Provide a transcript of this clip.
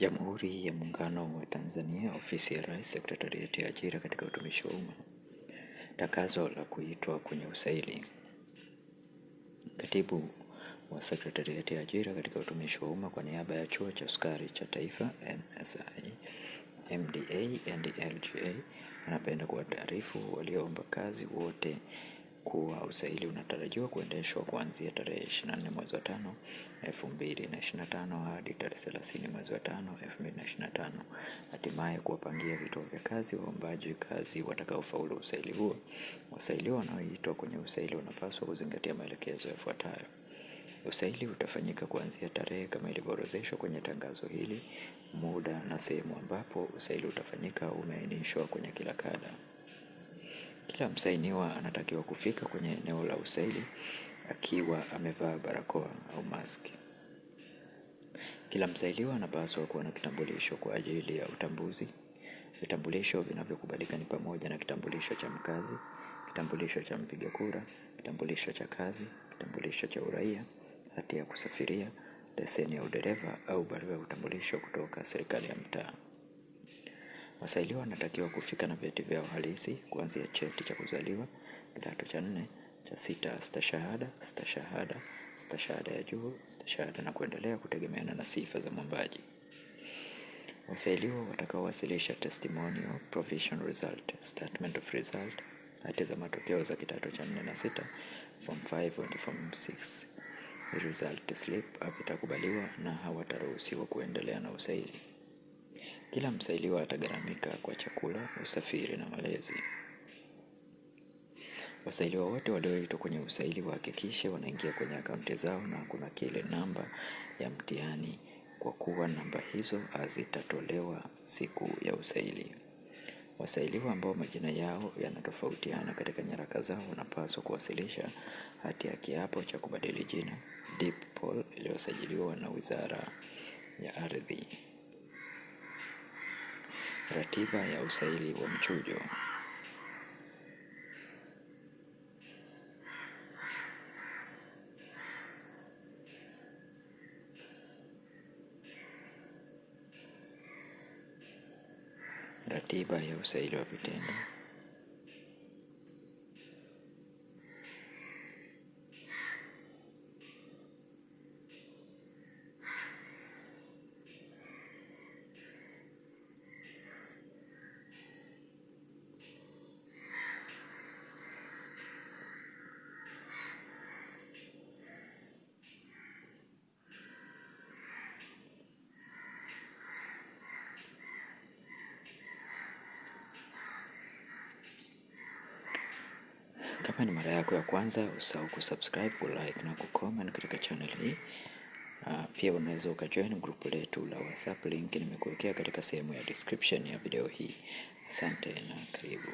Jamhuri ya Muungano wa Tanzania, Ofisi ya Rais, Sekretarieti ya Ajira katika Utumishi wa Umma. Tangazo la kuitwa kwenye usaili. Katibu wa Sekretarieti ya Ajira katika Utumishi wa Umma kwa niaba ya Chuo cha Sukari cha Taifa NSI, MDA and LGA anapenda kuwataarifu walioomba kazi wote kuwa usaili unatarajiwa kuendeshwa kuanzia tarehe 24 mwezi wa 5 2025 hadi tarehe 30 mwezi wa 5 2025, hatimaye kuwapangia vituo vya kazi waombaji kazi watakaofaulu usaili huo. Wasailiwa wanaoitwa kwenye usaili wanapaswa kuzingatia maelekezo yafuatayo. Usaili utafanyika kuanzia tarehe kama ilivyoorodheshwa kwenye tangazo hili. Muda na sehemu ambapo usaili utafanyika umeainishwa kwenye kila kada. Kila msainiwa anatakiwa kufika kwenye eneo la usaili akiwa amevaa barakoa au maski. Kila msailiwa anapaswa kuwa na kitambulisho kwa ajili ya utambuzi. Vitambulisho vinavyokubalika ni pamoja na kitambulisho cha mkazi, kitambulisho cha mpiga kura, kitambulisho cha kazi, kitambulisho cha uraia, hati ya kusafiria, leseni ya udereva au barua ya utambulisho kutoka serikali ya mtaa. Wasailiwa wanatakiwa kufika na vyeti vyao halisi kuanzia cheti cha kuzaliwa kidato cha nne cha sita, stashahada, stashahada, stashahada ya juu, stashahada na kuendelea, kutegemeana na sifa za mwombaji. Wasailiwa watakaowasilisha testimonial, provision result, statement of result, hati za matokeo za kidato cha nne na sita, form 5 and form 6 result slip havitakubaliwa na hawataruhusiwa kuendelea na usaili. Kila msailiwa atagharamika kwa chakula, usafiri na malezi. Wasailiwa wote walioitwa kwenye usaili wahakikishe wanaingia kwenye akaunti zao na kuna kile namba ya mtihani kwa kuwa namba hizo hazitatolewa siku ya usaili. Wasailiwa ambao majina yao yanatofautiana katika nyaraka zao wanapaswa kuwasilisha hati ya kiapo cha kubadili jina DPPL iliyosajiliwa na Wizara ya Ardhi. Ratiba ya usaili wa mchujo. Ratiba ya usaili wa vitendo. Kama ni mara yako ya kwanza, usahau kusubscribe, kulike na kucomment katika channel hii, Uh, pia unaweza ukajoin grupu letu la WhatsApp, link nimekuwekea katika sehemu ya description ya video hii. Asante na karibu.